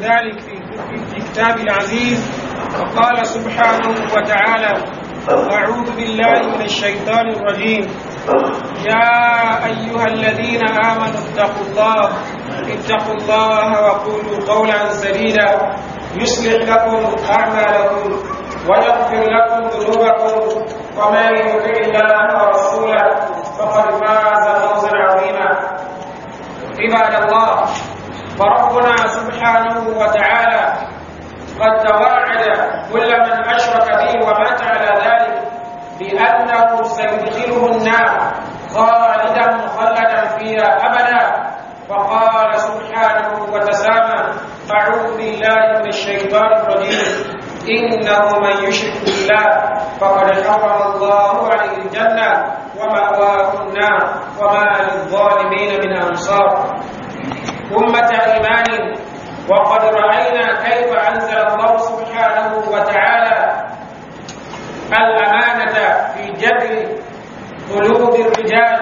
ذلك في كتاب العزيز وقال سبحانه وتعالى أعوذ بالله من الشيطان الرجيم يا أيها الذين آمنوا اتقوا الله اتقوا الله وقولوا قولا سديدا يصلح لكم أعمالكم ويغفر لكم ذنوبكم ومن يطع الله ورسوله فقد فاز فوزا عظيما عباد الله فربنا سبحانه وتعالى قد توعد كل من أشرك به ومات على ذلك بأنه سيدخله النار خالدا مخلدا فيها أبدا فقال سبحانه وتسامى أعوذ بالله من الشيطان الرجيم إنه من يشرك بالله فقد حرم الله عليه الجنة ومأواه النار وما للظالمين من أنصار أمة إيمان وقد رأينا كيف أنزل الله سبحانه وتعالى الأمانة في جبل قلوب الرجال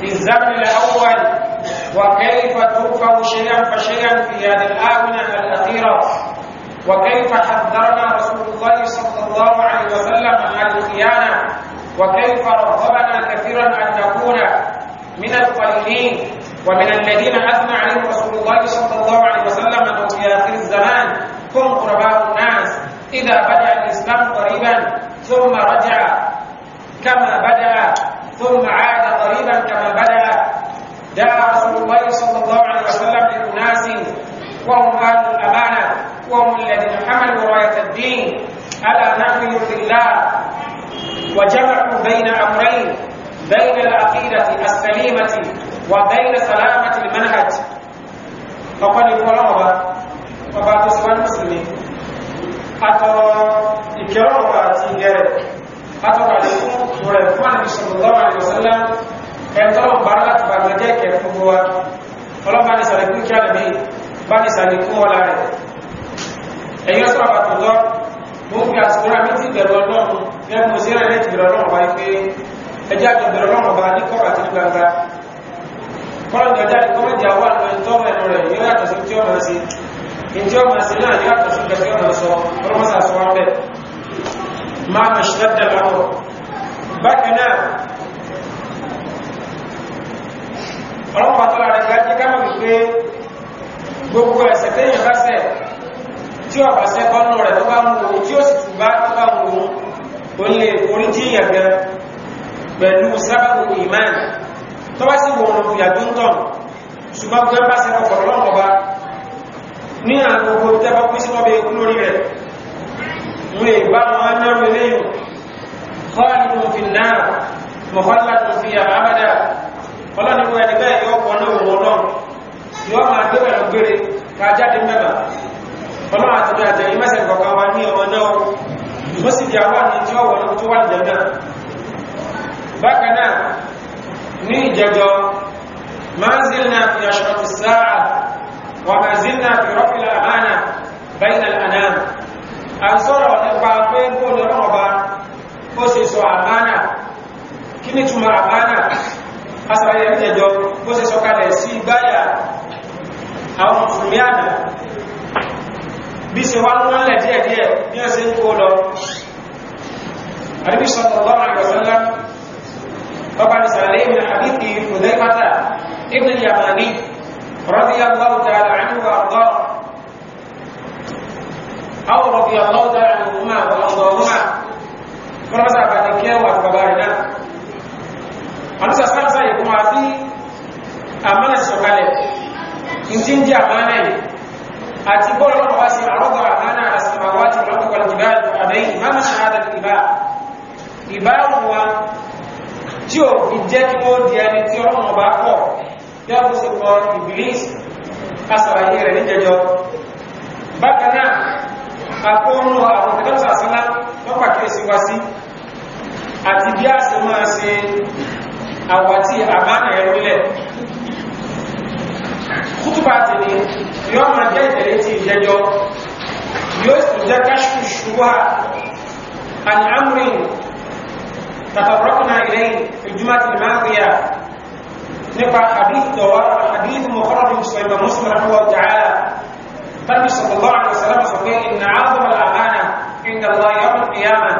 في الزمن الأول وكيف ترفع شيئا فشيئا في هذه الآونة الأخيرة وكيف حذرنا رسول الله صلى الله عليه وسلم عن الخيانة وكيف رغبنا كثيرا أن نكون من القليلين ومن الذين أثنى عليهم رسول الله صلى الله عليه وسلم أنه في آخر الزمان هم قرباء الناس إذا بدأ الإسلام قريبا ثم رجع كما بدأ ثم عاد قريبا كما بدأ جاء رسول الله صلى الله عليه وسلم للناس وهم أهل الأمانة وهم الذين حملوا راية الدين ألا نحن في الله وجمعوا بين أمرين بين العقيدة السليمة وغير سلامة المنهج فقال يقولون أبا أبا تسوان مسلمين أترى إكرام باتي غير أترى لكم ورحمة صلى الله عليه وسلم ẹ̀tọ́rọ̀ bára bàgbàjẹ́ ìkẹ̀ fún gbogbo ọlọ́pàá ní sàrẹ̀kún kí àlẹ́mí bá ní sàrẹ̀kún ọlá rẹ̀ ẹ̀yọ́ sọ́rọ̀ bàtọ̀lọ́ mú fi àsìkòrò àmì tí bẹ̀rẹ̀ ọlọ́run gẹ́gùn sí rẹ̀ lẹ́tì bẹ̀rẹ̀ ọlọ́run bá ipé ẹjá àjọ bẹ̀rẹ̀ ọlọ́run bá ní kọ́rọ̀ àti ní gbangba kọ́lọ̀ jọjá ìkọ́mọ̀jà wà lórí tọ́rọ ẹ̀rọ rẹ̀ yóò yàtọ̀ sí tí ó máa sí ìjọ máa sí náà yóò yàtọ̀ sí ìjọ tí ó máa sọ ọlọ́mọsà sọ wọn bẹ́ẹ̀ máa mọ̀ sí lẹ́tẹ̀ lọ́wọ́ bákan náà ọlọ́pàá tó rẹ̀ gájí kámọ̀ wípé gbogbo ẹ̀ṣẹ̀ téèyàn bá ṣẹ̀ tí ó bá ṣẹ̀ kọ́nù rẹ̀ tó bá ń wò tí ó sì tù bá tó bá wò ó lè orí gan pẹ̀lú sábàbù ìmáàmù tọ́wá sí wọn lòdù yàjú ń tọ̀ ṣùgbọ́n gan bá ṣe kọkọ̀ lọ́wọ́ bá ní àgbogbo tẹ́bá pín sí wọ́n bẹ kú lórí rẹ̀ wọ́n lè bá wọn náà rẹ̀ lẹ́yìn kọ́ọ̀lù fi náà mọ̀kànlá tó fi àbábádà ọlọ́nìwọ̀ ẹ̀dẹ́gbẹ́ ìyọ́pọ̀ náà wọ́n náà yọ́ máa gbé pẹ̀lú gbére ká jáde mẹ́bà ọlọ́run àti ìrìnàjẹ̀ yìí mẹ́sẹ̀ kọ̀ọ̀kan wa ní ọmọ náà wọ́n sì di àwọn àti tí wọ́n wọ̀ ní tó wà jẹ́ náà bákan ní ìjẹjọ manzilna fi ashrati sa'a wa manzilna fi rọ́pìlà àmàna bayna al-anam a sọ̀rọ̀ nípa pé kó lọ́rọ̀ ọba ó sì sọ àmàna kí ni túmọ̀ àmàna a sọ̀rọ̀ ilẹ̀ ìjẹjọ ó sì sọ kalẹ̀ sí gbáyà àwọn mùsùlùmí àná bí ṣe wá lọ́nà lẹ̀ díẹ̀díẹ̀ bí wọ́n ṣe ń kó lọ àdébísọ̀ sallallahu alaihi wasallam Bapak Nisa'alaih bin Habib di Hudaifata Ibn Yamani radhiyallahu ta'ala anhu wa arda Aw radhiyallahu ta'ala anhu umma wa arda umma Kenapa sahabat dikia wa arda barina Anu sasar saya kumati Amalan sokale Insin dia amalan ini Aji bola lo kawasi arda amana asimawati Rambu kalibad Adain mana syahadat ibad Ibad wa tí ò fi jẹ́ kí wọ́n di ẹni tí ọlọ́run ọba kọ̀ bí a kò sì kọ ìbílíìs kásàlàyé rẹ̀ níjẹjọ bákan náà àkóónú àwọn ìdánsà sílá wọ́n pàkíyèsí wá sí àti bí a sì máa ṣe àwàtí àmánà ẹ̀rọlẹ̀ kútùbà ti ní jẹ́ ìtẹ̀lé ti ìjẹjọ yóò تطرقنا إليه في الجمعة الماضية نقع حديث دوار حديث مخرج في مسلم رحمه الله تعالى النبي صلى الله عليه وسلم صحيح إن أعظم الأمانة عند الله يوم القيامة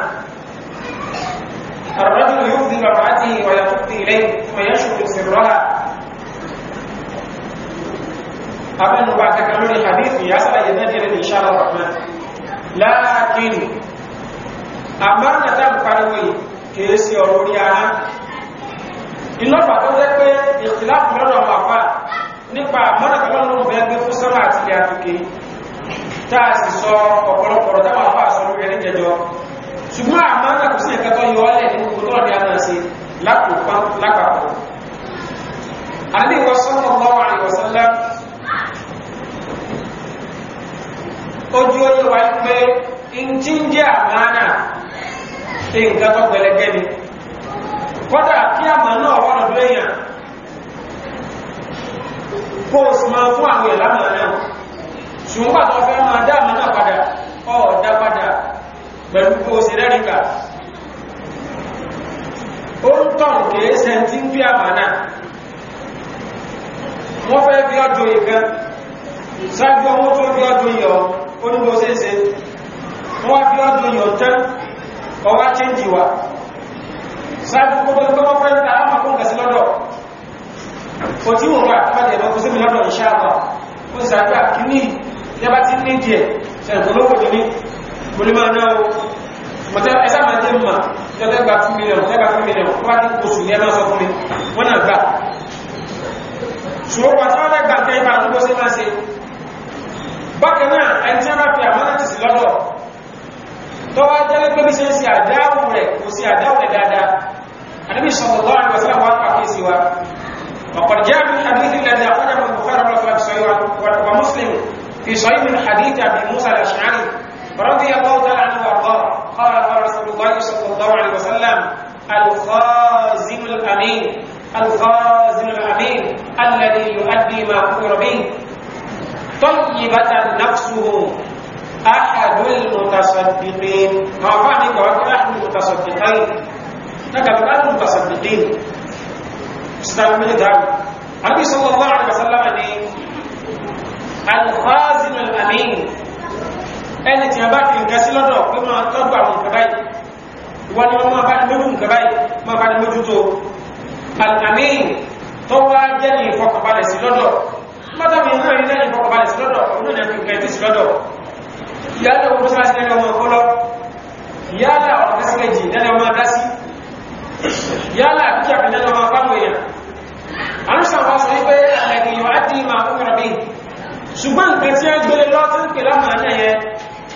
الرجل يفضي لامرأته ويفضي إليه ثم يشكر سرها قبل أن تكمل الحديث يسأل ينادي إن شاء الله الرحمن لكن أمرنا تم قالوا kìí ṣe ọ̀rọ̀ orí ara iná pàtó jẹ́ pé ìtìláàpù lọ́dọ̀ àwọn àfà nípa mọ́nàkàlọ́ ló ń bẹ gbé fún sọ́nà àti ilẹ̀ àtòkè tá a sì sọ ọ̀pọ̀lọpọ̀ táwọn àfà sọ lórí ẹni jẹjọ ṣùgbọ́n àmọ́ náà kò sí ẹ̀kẹ́ tó yọ ọ́lẹ̀ nínú gbogbo náà ní ṣe nǹkan tó gbẹlẹgẹ ni kódà kí àmà náà wà lọ́dún èèyàn kó o sì máa fún àwọn ìlànà náà ṣùgbọ́n pàtó fẹ́ máa dá àmà náà padà ọ̀ọ́dá padà pẹ̀lú kó o sì rẹ́rìnkà ó ń tọ̀n kìí ṣe tí ń fi àmà náà wọ́n fẹ́ bí ọjọ́ ìkan ṣáájú ọmọ tó bí ọjọ́ ìyọ̀ ó ní bó ṣe ṣe wọ́n bí ọjọ́ ìyọ̀ tán ọwá chẹ́njì wa sáàbù gbogbo gbogbo fẹ́ntà àmàkùn gasi lọ́dọ̀ o tí wọ́n rà pàdé ẹ̀bẹ̀ kò sí mi lọ́dọ̀ ìṣàlọ́ ó sì sàgbà kí ní ìjẹba tí ní díẹ̀ sẹ̀rùn olóko jẹ́ ní olúmọ̀ náà mọ̀tẹ́ ẹ̀sà máa jẹ́ mọ̀ tẹ́lẹ̀ gba fún mílíọ̀n tẹ́gbà fún mílíọ̀n wọ́n bá ti oṣù ní ẹ̀mọ́ sọ fún mi wọ́n náà gbà ṣùgbọ́n pàtàkì wọ́n gbà tẹ́ ìbá àdúgbò sí máa ṣe bákan náà ẹni tí wọ́n bá fi àmọ́ láti sí lọ́dọ̀ tọ́wọ́ jẹ́lẹ́ pé bí ṣe ń ṣe àdáwò rẹ̀ kò sí àdáwò rẹ̀ dáadáa anábì sallallahu alaihi wasallam wà pàkíyèsí wa وقد جاء من حديث الذي أخرجه البخاري رحمه الله ومسلم في صحيح من حديث أبي موسى الأشعري رضي الله تعالى عنه وأرضاه قال قال رسول الله صلى الله عليه وسلم الخازن الأمين الخازن الأمين الذي يؤدي ما أمر به طيبة نفسه ahadul mutasaddiqin àwọn afá mi gbàgbọ́ pé ahadul mutasaddiqin nígbàgbọ́ pé ahadul mutasaddiqin sítáàlú mi dáhùn àbí sallallahu alaihi wasallam ni alkhazinu alamin ẹni tí a bá fi nǹkan sí lọ́dọ̀ pé máa tọ́gbà àwọn nǹkan báyìí wọ́n ni wọ́n máa bá ní lójú nǹkan báyìí máa bá ní lójú tó alamin tó wá jẹ́ ní ìfọkànbalẹ̀ sí lọ́dọ̀ mọ́tàbí náà rí náà ìfọkànbalẹ̀ sí lọ́dọ̀ òun náà ní yálà wọn mọ́sálásí lẹ́nu ọmọ ọpọlọ yálà ọ̀rọ̀ mẹ́sẹ̀gẹ̀jì lẹ́nu ọmọ adásí yálà àbíkí àbí lẹ́nu ọmọ apáwọn èèyàn àrùsàn wá sọ wípé àlẹ́gì yóò á dín máa fún ìrọ̀bí ṣùgbọ́n nǹkan tí wọ́n gbélé lọ tí ń pè lámà náà yẹn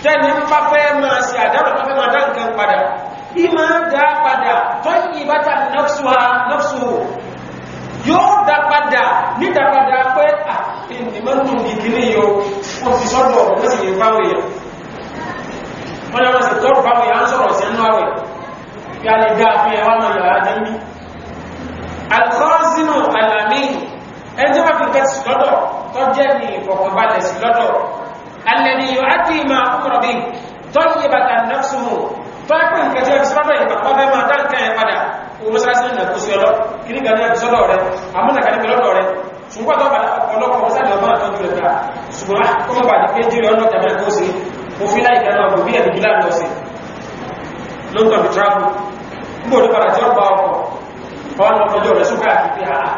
tẹ́ni ń bá fẹ́ máa ṣe àdárò tó fẹ́ máa dá nǹkan padà bí máa dá padà tó yìí bá yóò dá padà nídàpadà pé à yẹn wọ́n lọ́wọ́ sí tọ́rù fáwọn ìyá ń sọ̀rọ̀ sí ẹnu àwẹ̀ kí a lè dá àfihàn ẹwà máa yàrá jẹ́ mí alkọ́sínú alàmì ẹni tí wọ́n fi kẹ́sì lọ́dọ̀ tó jẹ́ ní ìfọ̀kànbalẹ̀ sí lọ́dọ̀ alẹ́ni yóò á ti máa kọ́kọ́rọ̀ bí tọ́jú gbòòrò padà tí ó bá ọkọ̀ ọwọ́n ọmọdé ọ̀rẹ́ ṣúgbà àti fi àà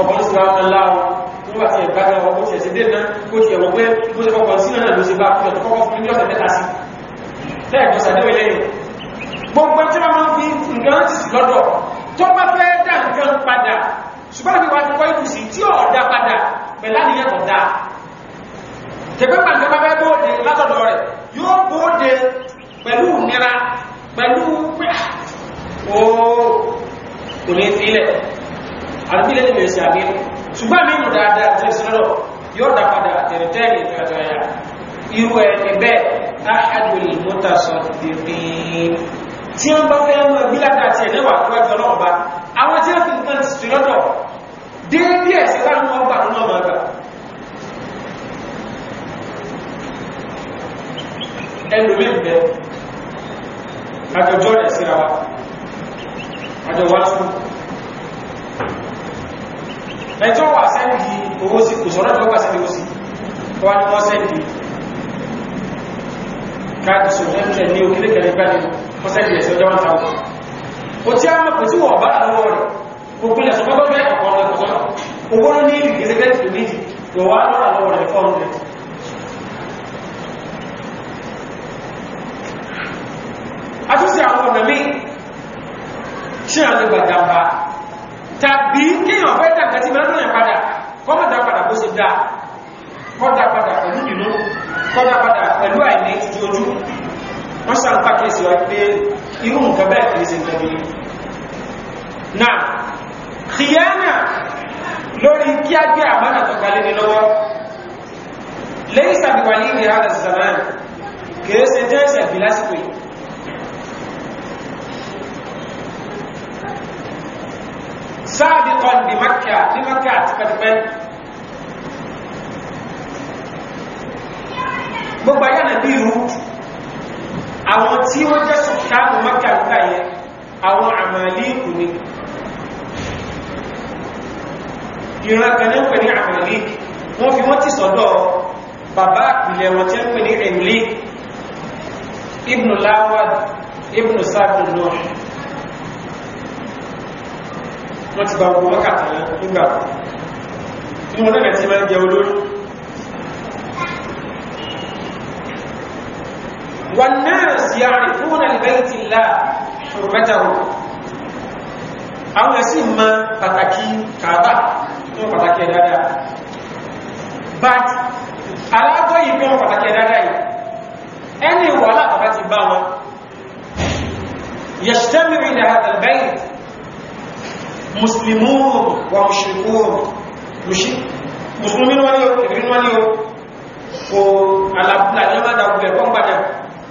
ọkọ̀ ló sì máa ń láwọ́ nígbà tí ẹ̀gbá gan ọkọ̀ tí ẹ̀sẹ̀ dènà ó ti ẹ̀wọ̀ pé bó ṣe kọ́kọ́ sí náà ló ṣe bá fíjọ tó kọ́kọ́ fún mílíọ̀sẹ̀ mẹ́ta sí lẹ́ẹ̀kan sàdéwé lẹ́yìn gbogbo tí wọ́n máa ń fi nǹkan sì lọ́dọ̀ tó bá fẹ́ dá nǹkan padà ṣùgbọ́n àbí wàá ti kọ́ ibùsì tí ò pẹ̀lú ìnira pẹ̀lú ó kò ní sílẹ̀ àti ilé ìmọ̀ ìṣẹ́ àbí ṣùgbọ́n mi nù dáadáa tí ó sì lọ́rọ̀ yóò dá ni àtẹ̀rẹ̀tẹ̀rẹ̀ ìtàjọya irú ẹni bẹ́ẹ̀ áhàdù ìmúta sọ dèbè tí wọ́n bá fẹ́ mọ́ bí látà tí ẹ̀ níwà tó ẹjọ́ náà bá àwọn tí wọ́n fi nǹkan sí lọ́dọ̀ déédéé ẹ̀sẹ̀ láti wọ́n gbà nínú ọmọ ẹgbà ẹlòmíì bẹ́ẹ̀ àjọjọ́ rẹ̀ síra wa ọjọ́ wájú ẹjọ́ wà sẹ́ndì owó sí kò sọ̀rọ̀ ẹjọ́ wà sẹ́ndì owó sí wà ní wọ́n sẹ́ndì káàkiri sọ mẹ́tẹ̀ ní òkèlè kẹrẹ gbá ní wọ́n sẹ́ndì ẹ̀sẹ̀ ọjọ́ wọn táwọn ó tí a mọ̀ pẹ̀ tí wọ́n bá lọ́wọ́ rẹ̀ tí a lè wà jàmbá tàbí kéèyàn fẹ́ dà kàtí mẹ́rin náà padà kọ́mọ̀ dá padà bó ṣe dá kọ́dá padà pẹ̀lú ìlú kọ́dá padà pẹ̀lú àìní ti ojú wọ́n sàrùpá kéèsì wá pé irú nǹkan bẹ́ẹ̀ kìí ṣe nǹkan bíi náà kìyànà lórí kí a gbé àmánà tó kalẹ̀ ní lọ́wọ́ lẹ́yìn sàbíwálì ìrìn àdàsàmán kìí ṣe jẹ́ ìṣẹ̀bí lásìkò yìí سابقا بمكة لمكة تكتبين gbogbo ayé na bí irú àwọn tí ó jẹ́ sọ̀tàbù mọ́kànlá yẹ àwọn àmàlí ìkù ni ìran kan náà pè ní àmàlí wọ́n fi wọ́n ti sọ́dọ̀ bàbá ìpìlẹ̀ wọ́n tí ó pè ní emily ibn lawad ibn sadun náà wọ́n ti bá ọgbọ̀n wákàtí nígbà inú wọn náà ti máa jẹ olórí wọn náà sì àrífún àlìbẹ́ẹ̀tì ńlá ọ̀rọ̀mẹ́tàwó àwọn ẹ̀sìn ma pàtàkì kàbà ní pàtàkì ẹ̀dára but alábọ́ yìí fún pàtàkì ẹ̀dára yìí ẹni wà látàbá ti bá wọn yẹ̀ṣtẹ́mìrì ní àtàlbẹ́ẹ̀tì muslimun wa mushrikun musulmi ni wọ́n ní o kìrì ni wọ́n ní o kò alábùlà ní ọmọdé abúlé wọ́n gbàdá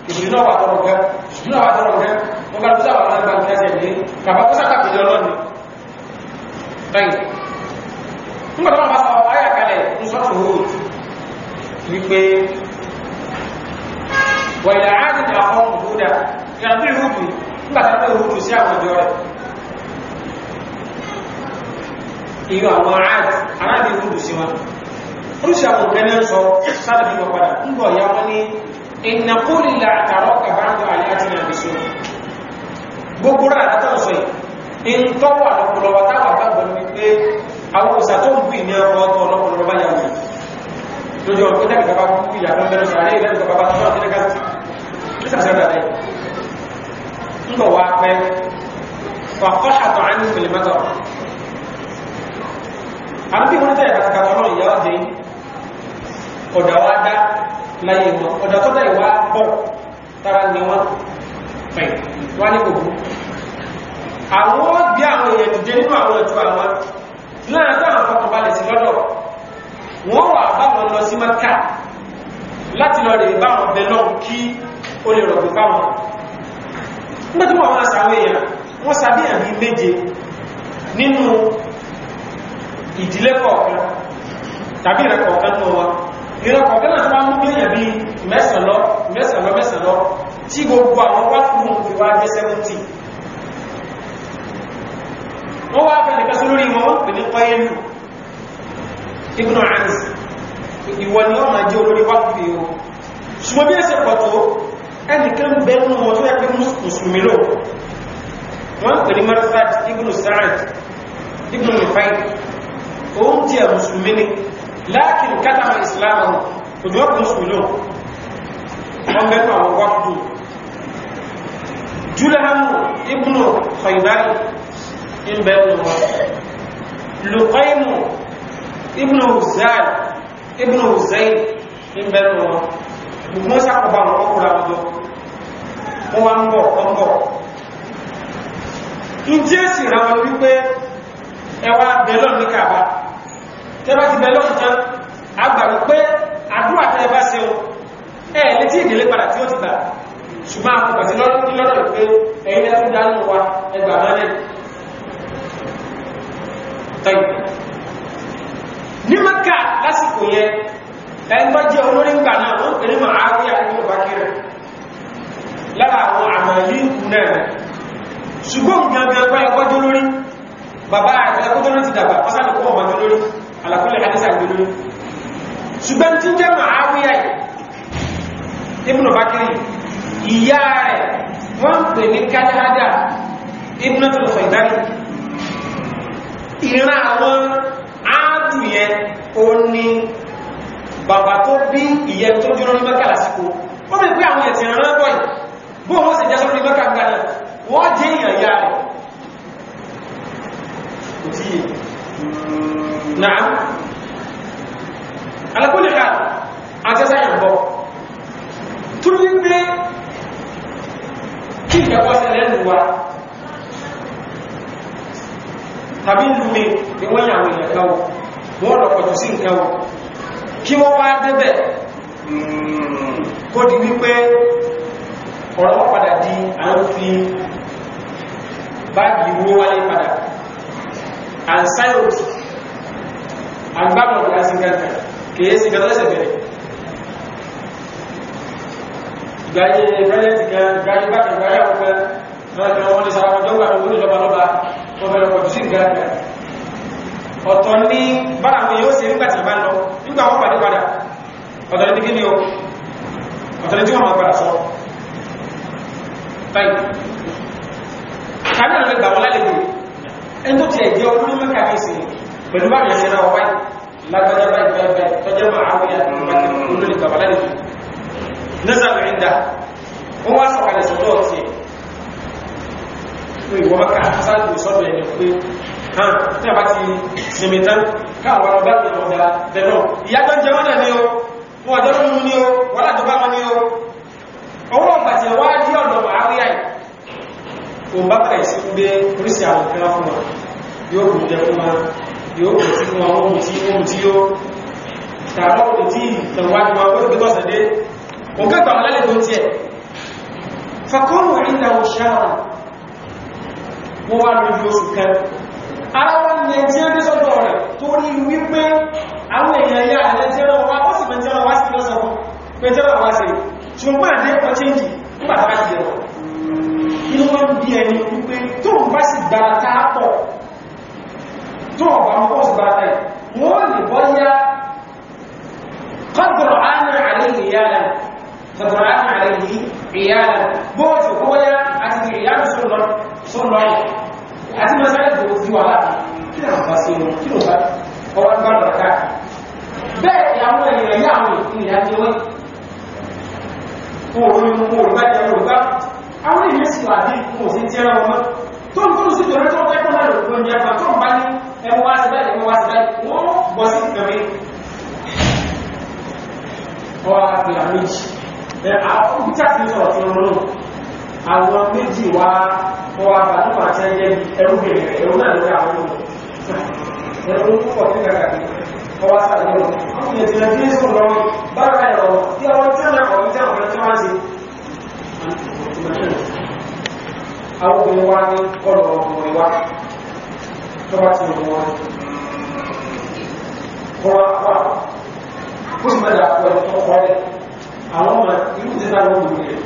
ìṣúná wà tọrọ gẹ ìṣúná wà tọrọ gẹ wọ́n gbàdá sáwà náà gbàdá kẹsẹ̀ ní bàbá kó sáka fìdí ọlọ́ni bẹ́ẹ̀ nígbà tó wọ́n bá sọ ayà kalẹ̀ ń sọ tó hóòt wípé wọ̀nyí àádìí àkọ́ òkúta ìyàtọ̀ ìhùdù nígbà tó wọ́n bá ìhùdù sí àwọn ìjọ rẹ̀ irú àwọn aráàdì aráàdì rúdù sí wọn oríṣi àwọn kẹ́ni sọ sáàdì fún wọn padà ń bọ̀ ya wọn ní ìnàkúrì látàrọ kàbáńdọ̀ àyájì náà bí sọ gbogbo rà látọ̀ sọ yìí ń tọ́wọ́ àlọ́pọ̀lọ́ wa táwọn àgbàgbọ́ ni pé àwọn òṣà tó ń pè ní ọkọ̀ ọ̀tọ̀ ọlọ́pọ̀lọ́ bá yà wọ́n lójú ọ̀pọ̀ tẹ́lẹ̀ kàbá kú ìyàwó àbí wọ́n tẹ́ ìdàkàkà ọlọ́run ìyá ọdẹ ọ̀dà wa dá láyé wọn ọ̀dà tó dá ìwà pọ̀ tara ní wọn pẹ̀ wá ní kò bú àwọn bí àwọn èèyàn dìde nínú àwọn ẹ̀tọ́ àwọn náà tó àwọn fọkànbalẹ̀ sí lọ́dọ̀ wọ́n wà bá wọn lọ sí maka láti lọ rè bá wọn bẹ lọ́hùn kí ó lè rọ̀gbẹ̀ bá wọn nígbà tí wọ́n wọn sàwọn èèyàn wọ́n sàbíyàn bíi méje nínú ìdílé kọ̀ọ̀kan tàbí ìrẹ́kọ̀ọ̀kan tó wá ìrẹ́kọ̀ọ̀kan náà tó wá mú bílíyàn bí mẹ́sànlọ mẹ́sànlọ mẹ́sànlọ tí gbogbo àwọn wákùnrin fi wá jẹ́ 70 wọ́n wá fẹ́ nìkan sólórí wọn wọ́n pè ní kọ́yẹ́lù ibùnà àìsí ìwọ ni wọ́n máa jẹ́ olórí wákùnrin o ṣùgbọ́n bí ẹsẹ̀ pọ̀ tó ẹnìkan bẹ́ẹ̀ nù wọn tó òun ti ẹ̀ mùsùlùmí ni láàkìn kátàmà ìsìláàmù kò ní ọkùn mùsùlùmí lọ wọn mẹ́kọ̀ àwọn wákùdù júlẹ̀hámù ibùnù kọ̀ìbáyì ń bẹ ọ̀nà wọn lùkọ́ìmù ibùnù hùzáì ibùnù hùzáì ń bẹ ọ̀nà wọn gbogbo sàkọ̀bà wọn ọkùnrin àwùjọ wọn wá ń bọ̀ wọn bọ̀ ìjẹ́sì ra wọn wípé ẹwà bẹ̀lọ̀ ní kàbá tẹ́bá ti bẹ̀lọ́ nǹkan agbàrò pé àdúrà tẹ́ bá ṣe o ẹ̀ lè tí ìdílé padà tí ó ti gbà ṣùgbọ́n àkùnkàn ti lọ́rọ̀ pé ẹ̀yìn ẹ̀ tún dánú wa ẹgbà mọ́lẹ̀ tọ́yì ní mọ́kà lásìkò yẹ ẹgbọ́n jẹ́ olórí ńgbà náà wọ́n pè ní mọ̀ áwíyà ní ọba kiri lára àwọn àmàlí ìkù náà ṣùgbọ́n gangan gbá ẹgbọ́n jẹ́ olórí bàbá àti ẹgbọ́n jẹ́ olórí ti dàgbà pásánìkú ọmọdé àlàkúlẹ̀ hadisa gbogbo ṣùgbọ́n tí jẹ́ Muawiya ibùnà Bakiri ìyá rẹ̀ wọ́n ń pè ní kájáradà ibùnà tó lọ́fọ̀ ìdáni ìran àwọn áàdù yẹn ó ní bàbá tó bí ìyẹn tó dúró ní mẹ́kà lásìkò ó bẹ̀ pé àwọn ẹ̀sìn ìran bọ̀ yìí bó wọ́n sì jásọ́ ní mẹ́kà gbà náà wọ́n na'am ala kulli hal asasa tuli be ki ga ko sele nwa tàbí ìlú ni wọ́n yà àwọn èèyàn káwọ̀ wọ́n lọ pọ̀jù sí ìkáwọ̀ kí wọ́n wá débẹ̀ kó di wípé ọ̀rọ̀ padà di à fi báàgì ìwó wáyé padà and agbábọ̀ bí a sì gẹ́gẹ́ kìí sí gẹ́gẹ́ lẹ́sẹ̀ bẹ̀rẹ̀ ìgbàyé ìfẹ́lẹ́tì kan ìgbàyé bákan ìgbàyé àwọn ọmọ ẹgbẹ́ wọn ní sára ọjọ́ àwọn olóòjọba lọ́ba wọn bẹ̀rẹ̀ pọ̀ sí gẹ́gẹ́ ọ̀tọ̀ ní bára mi yóò ṣe nígbà tí bá lọ nígbà wọn pàdé padà ọ̀tọ̀ ní kí ni o ọ̀tọ̀ ní tí wọ́n máa padà sọ báyìí kábíyàn lè gbà wọn lálejò ẹni tó ti ẹ̀jẹ̀ ọdún mẹ́ta pẹ̀lú ya saya náà wáyé lágbàjá báyìí baik, tọ́jẹ́ máa àwọn ìyàtọ̀ lórí kàbàlá nìtò nẹ́sàmì ìdá wọ́n wá sọ̀kalẹ̀ sọ́dọ̀ ọ̀tí ẹ̀ pé ìwọ́n ká sáàtì sọ́dọ̀ ẹni pé hàn tí a bá ti sinmi tán káwọn ọba ti ọ̀dà tẹ̀lọ́ ìyàtọ̀ jẹ́ wọn ní o wọn ọjọ́ tó mú ní o wọn láti bá wọn ní o ọwọ́ ọ̀gbàtì ẹ̀wá dí ọ̀dọ̀ àríyá yìí òun bá bẹ̀rẹ̀ sí gbé oríṣi àwọn kan fún wa yóò kù jẹ fún wa yóò kò sínú àwọn ohun tí ohun tí ó tààrọ òun tí ìtànwájú wa ó gbẹ́gbẹ́ sọ̀dé òun kẹ́gbà wọn lálẹ́ tó ń tiẹ̀ fakọ́rù ìlà òṣàrà wọ́n wá lórí oṣù kan ara wọn ni ẹni tí ó dé sọ́dọ̀ rẹ̀ torí wípé àwọn èèyàn yá ẹni tí ó wá ó sì pẹ̀ntì ọ̀rọ̀ wá sí lọ́sọ̀ fún pẹ̀ntì ọ̀rọ̀ wá sí ṣùgbọ́n àdé kan chéńjì nígbà tó bá ti dẹ̀rọ̀ inú wọn bí ẹni wípé tóun bá sì gbára táà pọ̀ tó ọ̀pọ̀ àwọn kọ́ọ̀sì bá táyì wọ́n lè bọ́ yá kọ́dùrọ̀ ánà àlẹ́yìn ìyáàlá kọ́dùrọ̀ ánà àlẹ́yìn ìyáàlá bóòtù kó yá àti ìyáàlá sọ́lọ́ àti masáyàtì ó fi wà láti kí náà bá sí wọn kí ló bá ọwọ́ bá lọ ká bẹ́ẹ̀ ni àwọn èèyàn yá àwọn ìpínlẹ̀ ajé wọn wà bí kò sí tí ẹran wọn tó ń tó ń sì tó tó ń tẹ́kọ̀ọ́ náà lòpọ̀ ní tó ń bá ní ẹ mú wá sí báyìí ẹ mú wá sí báyìí wọ́n bọ́ sí ìkàwé ọwọ́ àti àméjì ẹ àwọn ìjà sí sọ̀rọ̀ tí wọ́n lò àwọn méjì wá ọwọ́ àbàdúgbò àti ẹyẹ ẹrú bẹ̀rẹ̀ ẹrú náà lórí àwọn ọmọ ẹrú púpọ̀ tí kàkà kí ọwọ́ sàlẹ̀ lọ wọ́n yẹ ti rẹ̀ bí sùn lọ bára ẹ̀rọ tí ọwọ́ tí wọ́n kọ̀ ní jáwọn tí wọ́n ṣe àwọn obìnrin wa ní kọlọ̀ ọmọ ìwà tó bá ti mú wọn kọ́ wá pa kó sì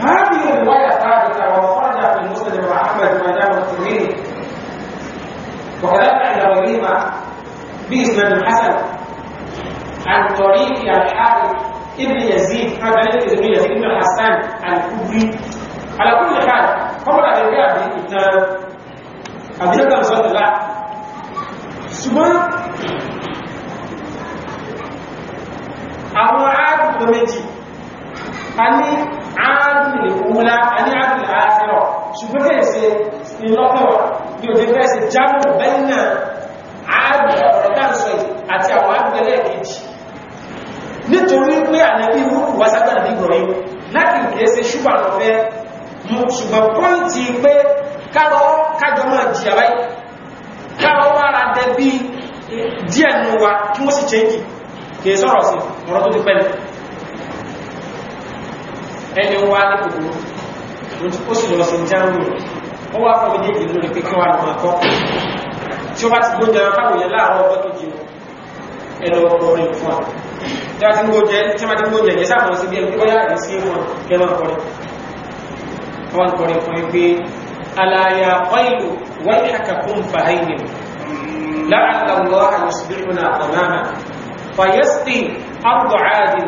هذه الرواية ثابتة وخرج في مسلم وأحمد وجاب الترمذي وكذلك عند غيرهما بإسناد حسن عن طريق الحارث ابن يزيد هذا يزيد بن حسان الكوفي على كل حال ṣùgbọ́n àwọn ààbùn méjì a ní ààbùn ìkúnlá a ní ààbùn ààfẹ́rọ̀ ṣùgbọ́n kẹ́ẹ̀ṣe ìlọ́pẹ̀wà ní òdé fẹ́ẹ̀ṣe jámù bẹ́ẹ̀nà ààbùn ọ̀rọ̀dáǹsọ̀ àti àwọn ààbùn ẹlẹ́ẹ̀kejì nítorí pé ànàbí rúkù wá sábà ní ìgbọ̀nyí láti ìgbésẹ̀ ṣùgbọ́n lọ́fẹ́ ṣùgbọ́n fẹ́ bí díẹ̀ nù wa kí wọ́n sì chẹ́ǹkì kìí sọ̀rọ̀ sí ọ̀rọ̀ tó ti pẹ́ ẹni wá ní kòkòrò ó sì lọ sí jáàmù ó wá fún méjèèjì lórí pé kí wà ní ọkọ tí ó bá ti gbóúnjẹ fáwọn yẹn láàárọ̀ ọjọ́ kejì ẹlọ ọkọrin fún wa tí a ti gbóúnjẹ tí a ti gbóúnjẹ yẹn sáà sí bí ẹni tó yá àdé sí wọn kẹlọ ọkọrin wọn kọrin fún yín alaya ọyìnlú wọn kàkà fún لعل الله يصبحنا تماما فيسقي أرض عاد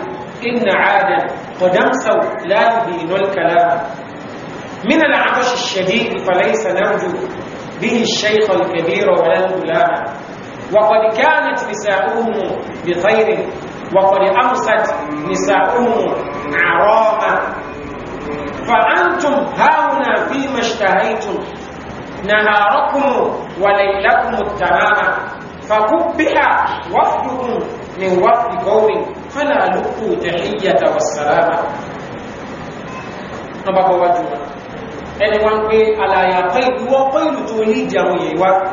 إن عادا قدم أمسوا لا يبين الكلام من العطش الشديد فليس نرجو به الشيخ الكبير ولا الغلام وقد كانت نساؤهم بخير وقد أمست نساؤهم عراما فأنتم هاهنا فيما اشتهيتم نهاركم وليلكم التمام فكبها وفدكم من وفد قوم فلا لقوا تحية والسلام نبقى وجوه أن وانك على يا قيد وقيل توني جاوي وقت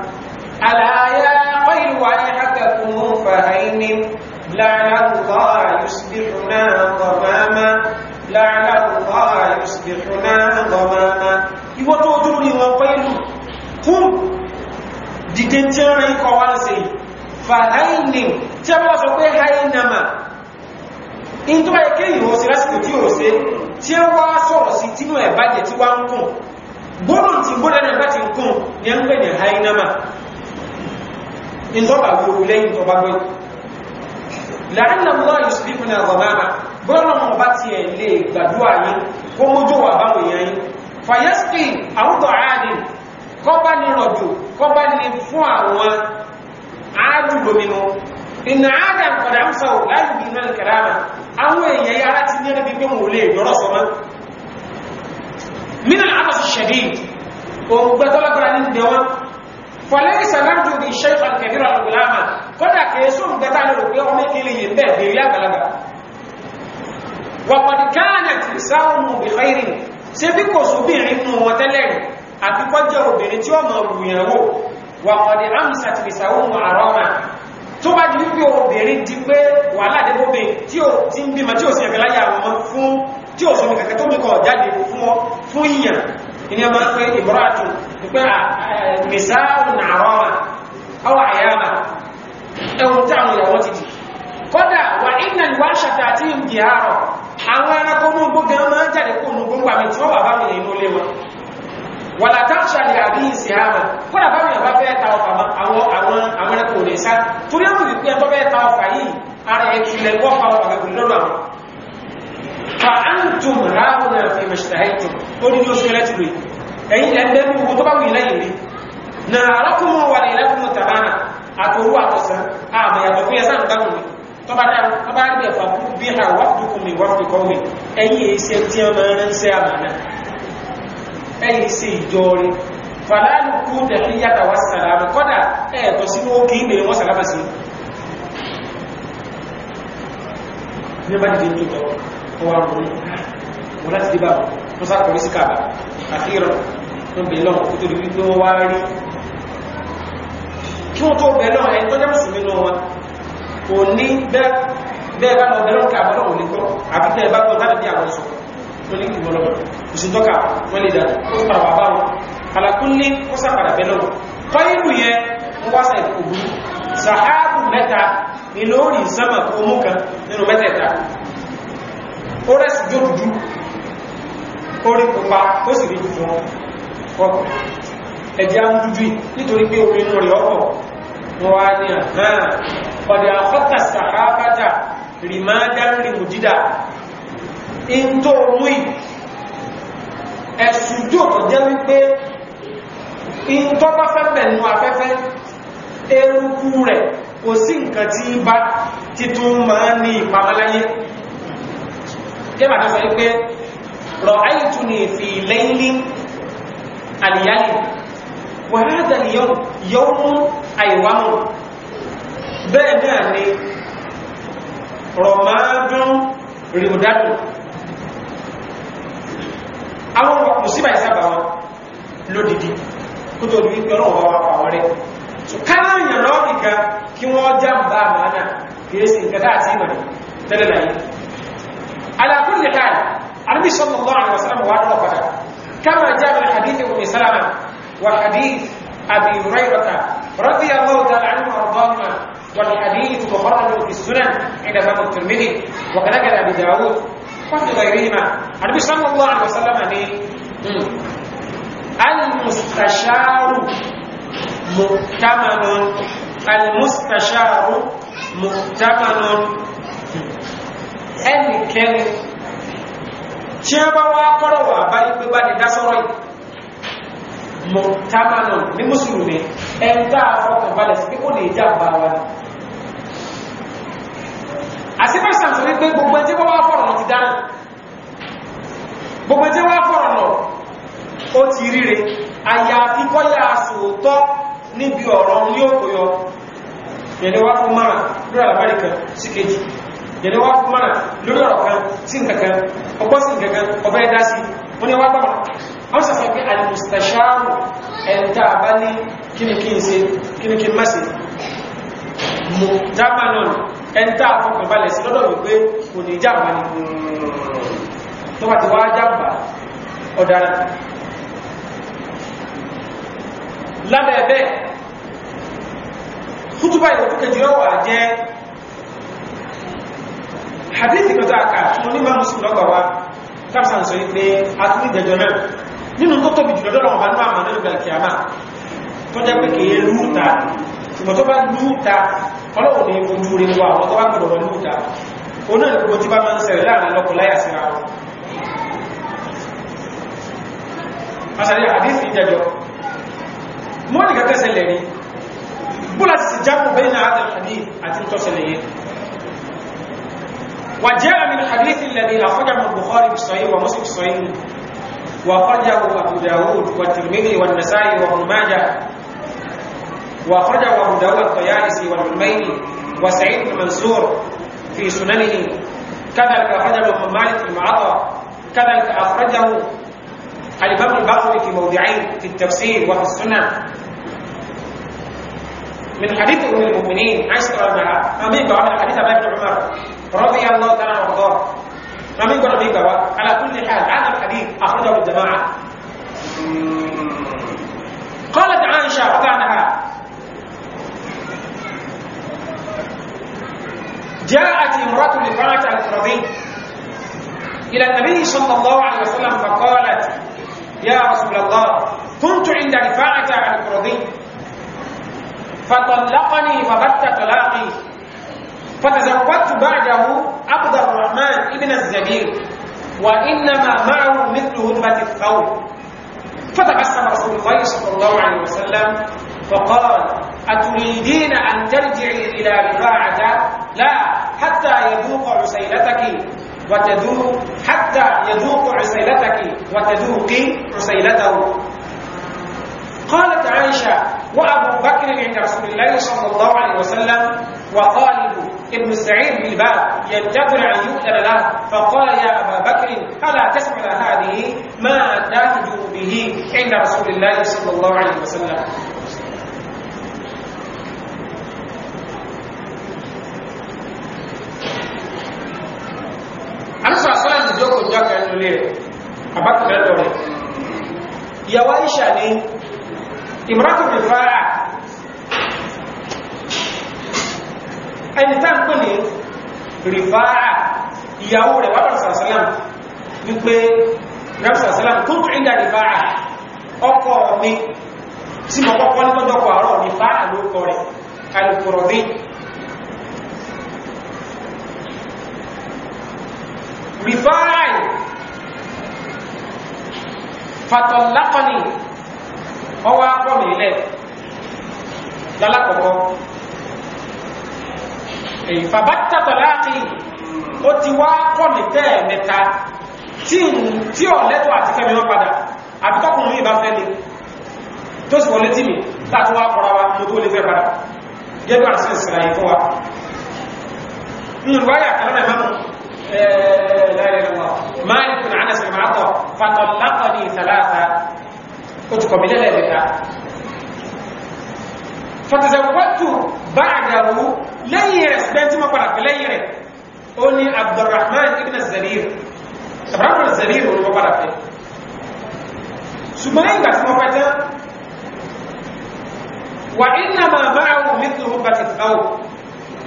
على يا قيل وعي حق كنون فهين لعن الله يصبحنا ضماما لعن الله يصبحنا kún dìde tí ó rìn kọ wá sí fàáìní tí a bá sọ pé hainama in tó báyìí kéyìn ó sí lásìkò tí ó sí tí ó wá sọ̀rọ̀ sí tínú ẹ̀ bájẹ̀ tí wá ń kún gbónà tí gbónà náà bá ti ń kún ní a ń pè ní hainama in tó bá wúrú lẹ́yìn tó bá gbé láàrín àwọn ìṣòlífún ní àgbàmáà gbónà wọn bá ti ẹ̀ lè gbàdúrà yín kó mójú wà báwọn èèyàn yín àwùjọ àádìí kọ́bá ní rọ̀jò kọ́bá ní fún àwọn àádùgbòmínú ìnà àádà kọ̀dà ń sọ láìbí náà kẹrànà àwọn èèyàn yára ti ní ẹni pé mò lè yọrọ sọmọ mínà àbàsì ṣẹ̀dí ògbẹ́tọ́lọ́gbọ́ra ní ìdẹ wọn fọlẹ́gì sàmárùjù bí iṣẹ́ ìfàkẹ̀bírọ̀ àgbòláàmà kọ́dà kẹsùn gbẹ́tà lọ́rọ̀ pé ọmọ ìkẹlẹ̀ yìí kò sóbìnrin nù wọn tẹ́lẹ̀ àti kọjẹ́ obìnrin tí ó mọ̀ òwúyẹ̀wò wà ọ̀dẹ̀ amsat lisawum arama tó bá di wípé obìnrin di pé wà ládébóbe tí ó ti ń bímọ tí ó sì ẹ̀fẹ́ láyé àwọn fún tí ó sọmọ kẹ̀kẹ́ tó mẹ́kọ̀ jáde fún ìyàn ìní ọmọ pé ìbúrátù pé mẹ́sáàrùn àrọ́mà ọwọ́ àyàmà ẹ̀wọ̀n tí àwọn ìyàwó ti dì kódà wà ìnà ìwà ṣàtà àti ìdí àárọ̀ àwọn ẹranko mú gbógan máa jáde kó nù tí wọ́n wà bá mi nínú ilé wọn wàlá táṣà ní àdíyìsí àmà kọ́nà bá mìíràn bá fẹ́ ta ọfà àwọn àwọn àwọn ẹ̀kọ́ òní sá torí àwọn ìpín ẹ̀tọ́ fẹ́ ta ọfà yìí ara ẹ̀kì ilẹ̀ wọ́n pa ọfà gẹ̀gùn lọ́dọ̀ àwọn fa antum ráhùn àfi mẹ̀ṣẹ̀tàhẹ́tù ó ní oṣù ẹlẹ́tì rẹ̀ ẹ̀yìn ẹgbẹ́ mú tó bá wù ilẹ̀ yìí na arákùnrin wà ní ilẹ̀kùnrin tàbánà àtòrú àtọ̀sán àmà yàtọ̀ fún yẹsán gbàgbù mi tọ́ba dá ẹ̀yìn sí ìjọ rí fàlálùkú tẹ̀fí yàtà wá sàlámù kọ́dà ẹ̀ẹ̀tọ̀ sínú ókè ìbèrè wọ́n sàlámà sí ní bá dìde tó tọ́ ọwà rúrí wọ́n láti dé báwọn wọ́n sá kọ̀wé sí kàbà àfihàn tó bẹ̀ lọ́n kó tó rí tó wá rí kí wọ́n tó bẹ̀ lọ́n ẹni tó jẹ́ mùsùlùmí nù wọn kò ní bẹ́ẹ̀ bá lọ bẹ̀ lọ́n kàbà lọ́wọ́ ní gbọ́ àbí bá gbọ́ tábìlì àwọn sọ tó ní ìwọ́lọ́wọ́ ìṣùtọ́ka wọ́n lè dà ó sì pàrọ̀ bàbá wọn alákúnlé ó sàpàdà bẹ́lọ̀ fáyìlù yẹ ń wáṣà ìkòbú sàhábù mẹ́ta ni lórí ìsánmà omú kan nínú mẹ́tẹ̀ẹ̀ta ó rẹ̀ sì jódùdú ó rí pupa ó sì rí dùdú ọkọ̀ ẹ̀dí àwọn dúdú nítorí pé omi inú rẹ̀ ọkọ̀ wọ́n wá ní àhán ọ̀dẹ̀ àkọ́kà sàhábàtà rìmádá rìmùdídà in tó mú ì ẹ̀sùn jò tó jẹ́ wípé ìtọ́bá fẹ́fẹ́ nù afẹ́fẹ́ eruku rẹ̀ kò sí nǹkan tí bá títún máa ní ìpamaláyé jẹ́ bàtà sọ wípé rọ̀ àìtúnì fi lẹ́yìn àlìyálì wàhádà ni yọ́ mú àìwámù bẹ́ẹ̀ náà ni rọ̀mádún rìmùdádùn àwọn mùsíbà ìsábà wọn lódìdí kó tó rí pẹ̀lú ọ̀wọ́ wa pàwọn rẹ̀ so káàyàn lọ́ọ̀kìká kí wọ́n já bá àmàánà kìrìsì ìkẹta àti ìmọ̀ni tẹ́lẹ̀ láyé alákùn ní káàdì arúgbì sọ́nà lọ́wọ́ àwọn sálàmù wà lọ́wọ́ padà kama já bá hadith ibn salama wa hadith abi hurairata radiyallahu ta'ala anhu wa والحديث مخرج في السنن عند فم الترمذي وكذلك ابي داود فضل غيرهما النبي صلى الله عليه وسلم المستشار مؤتمن المستشار مؤتمن ẹnikẹ́ni tí a bá wá kọ́rọ̀ wà bá ipé bá ní dásọ́rọ̀ yìí mọ̀tàmánà ní mùsùlùmí ẹ̀ńtà àfọkànbalẹ̀ sí pé kò ní ìjà bá àṣìbẹ̀sàn tó ní pé gbogbo ẹjẹ́ wá fọ̀rọ̀ lọ ti dáná gbogbo ẹjẹ́ wá fọ̀rọ̀ lọ ó ti ríre àyàfi kọ́yà sòótọ́ níbi ọ̀rọ̀ ní òkòyọ yẹni wá fún mara lórí àbáríkà sí kejì yẹni wá fún mara lórí ọ̀rọ̀ kan sí nkankan ọgbọ́n sí nkankan ọba ẹ̀dá sí wọ́n ni wá gbàmà wọ́n sọ fún pé alimustasharu ẹ̀ntà àbá ní kíni kí n ṣe kíni kí n má ṣe mú dábàá náà ẹntà àfọkàn balẹ̀ sí lọ́dọ̀ wípé kò ní jàmbá ní tó bá ti wá jàmbá ọ̀daràn lábẹ́ ẹ̀bẹ́ kútùbà ìlú kejì ọwà jẹ́ hadithi kọta àkà tí mo nígbà mùsùlùmí lọ́gbà wa tàbí sọ wípé a tún ìjẹjọ náà nínú tó tóbi jùlọ lọ́rọ̀ ọba náà mọ̀ lórí gbàlùkì àmà tó jẹ́ pé kèé lúúta ṣùgbọ́n tó bá lúúta ọlọ́run ní ojú rí wa àwọn tó bá gbọ́dọ̀ wọn lóòdá o náà gbogbo tí bá máa ń ṣẹlẹ̀ láàrin lọ́kọ̀ láyà síra wọn aṣàrí àdísì ìjẹjọ wọ́n ní kẹ́kẹ́ ṣẹlẹ̀ ní bóla sì jápọ̀ bẹ́yìn àádọ́ àdí àti ìtọ́sẹlẹ̀ yẹn وجاء من الحديث الذي أخرجه البخاري في الصحيح ومسلم في الصحيح وأخرجه أبو داود والترمذي والنسائي وابن ماجه وأخرجه أبو داود الطيالسي والحميدي وسعيد بن منصور في سننه كذلك أخرجه ابن مالك في المعطى كذلك أخرجه الإمام البغوي في موضعين في التفسير وفي السنن من حديث أم المؤمنين عائشة رضي الله عنها من حديث أبي بن عمر رضي الله تعالى عنه وأرضاه ومن قال أبي على كل حال هذا الحديث أخرجه الجماعة قالت عائشة رضي عنها جاءت امرأة رفاعة القرظي إلى النبي صلى الله عليه وسلم فقالت يا رسول الله كنت عند رفاعة القرظي فطلقني فبت طلاقي فتزوجت بعده عبد الرحمن ابن الزبير وإنما معه مثل هدبة الثوب فتبسم رسول الله صلى الله عليه وسلم فقال أتريدين أن ترجعي إلى رفاعة؟ لا حتى يذوق عسيلتك وتذوق حتى يذوق عسيلتك وتذوقي عسيلته قالت عائشة وأبو بكر عند رسول الله صلى الله عليه وسلم وخالد ابن سعيد بالباب ينتظر أن يؤذن له فقال يا أبا بكر ألا تسمع هذه ما تهجو به عند رسول الله صلى الله عليه وسلم jókòó jákẹ́ lólé rẹ̀ àbákẹ́lẹ́tọ̀ rẹ̀ ìyàwó Aisha ni, ìmúrátù rìfáà ẹni tá ń pè ní rìfáà ìyàwó rẹ̀ wábàrà sàásálàm wípé rẹ̀sàásálàm tó tún ìdá rìfáà ọkọ mi tí mọ̀ kọ́kọ́ ní tọ́jọ́kọ̀ àárọ̀ rìfáà ló kọ rẹ̀ alùpùrọ̀ بفاعل فطلقني ọwọ́ akọ́ mi lẹ̀ lálàkọ̀kọ́ èyí fàbátà tọ̀láàkì ó ti wá kọ́ mi tẹ́ mẹ́ta tí ò lẹ́tọ̀ àti fẹ́mi wọ́n padà a ìbá fẹ́ mi tó sì wọlé tí mi láti wá kọ́ra wa mo tó lè fẹ́ padà gẹ́gbà sí ìsìnrà ìfún wa nínú wáyà kẹlẹ́rẹ̀ mẹ́mọ́ لا اله الا الله مالك بن انس فطلقني ثلاثه كنت قبل ذلك فتزوجت بعده ليرة سبنت ما قرأت ليرة أني عبد الرحمن ابن الزبير سبحان الله الزبير وما قرأت سبحان بس ما قرأت وإنما معه مثل هبة الثوب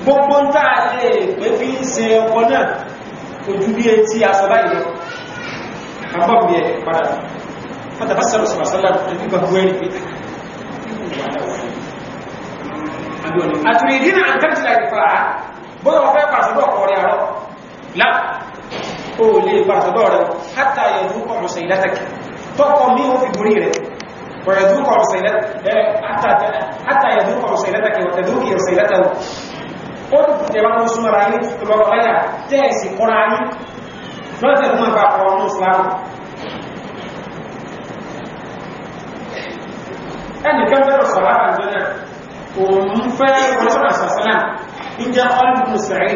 gbogbo عليه tàà lè pé ojú bí etí asọ́lá ìlọ àbọ̀bí ẹ̀ padà wọ́n tàbá sọ́rọ̀ sọ̀rọ̀ sọ́lá ẹbí gbogbo ẹni pé àtúrí ìdínà àtẹ́tìlá ìfà bóyá wọ́n fẹ́ pàṣọ́dọ̀ ọkọ̀ rẹ̀ àrọ́ lá o lè pàṣọ́dọ̀ rẹ̀ hátà yẹ̀dúkọ̀ ọ̀sẹ̀ ìlátẹ̀kì tọ́kọ̀ mí ó fi gorí rẹ̀ ويذوق حتى يذوق ó ti tẹ̀ wá fún súnmọ́ra yín tó bá kọ́ láyà tẹ́ ẹ̀ sì kọ́ra yín lọ́wọ́ tẹ̀ fún àgbà ọ̀rọ̀ ọ̀rọ̀ ìsìlámù ẹnìkan bẹ̀rẹ̀ sọ̀rọ̀ àbàjọ náà òun fẹ́ ọlọ́rọ̀ àṣàṣàlá ń jẹ́ ọlọ́dún sẹ̀rẹ̀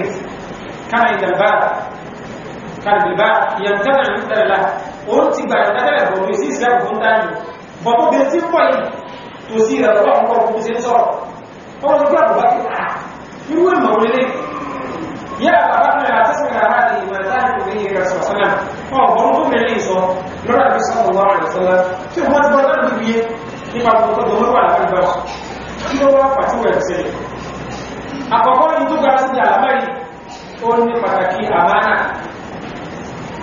kára ìdàgbà kàrìbìbá ìyàmtẹ́nà ìtẹ́lá òun ti gbà ìtẹ́lẹ̀ bọ̀ bí sí irú ìmọ̀ wọlé yára bàbá náà àtẹ́sìnkà láti ìmọ̀tánì kò ní ìrẹ̀ sọ̀sọ́lá ọ̀gbọ̀n tó mẹ́rin sọ lọ́rọ̀ àbí sọ́mọ̀ wọ́n rẹ̀ sọ́lá tí wọ́n ti bọ́ láti rí nípa gbogbo tó lọ́wọ́ àlàáfíà kí ló wá pàtí wẹ̀ sẹ́lẹ̀ àkọ́kọ́ ní tó ga sí àlámẹ́rin ó ní pàtàkì àmánà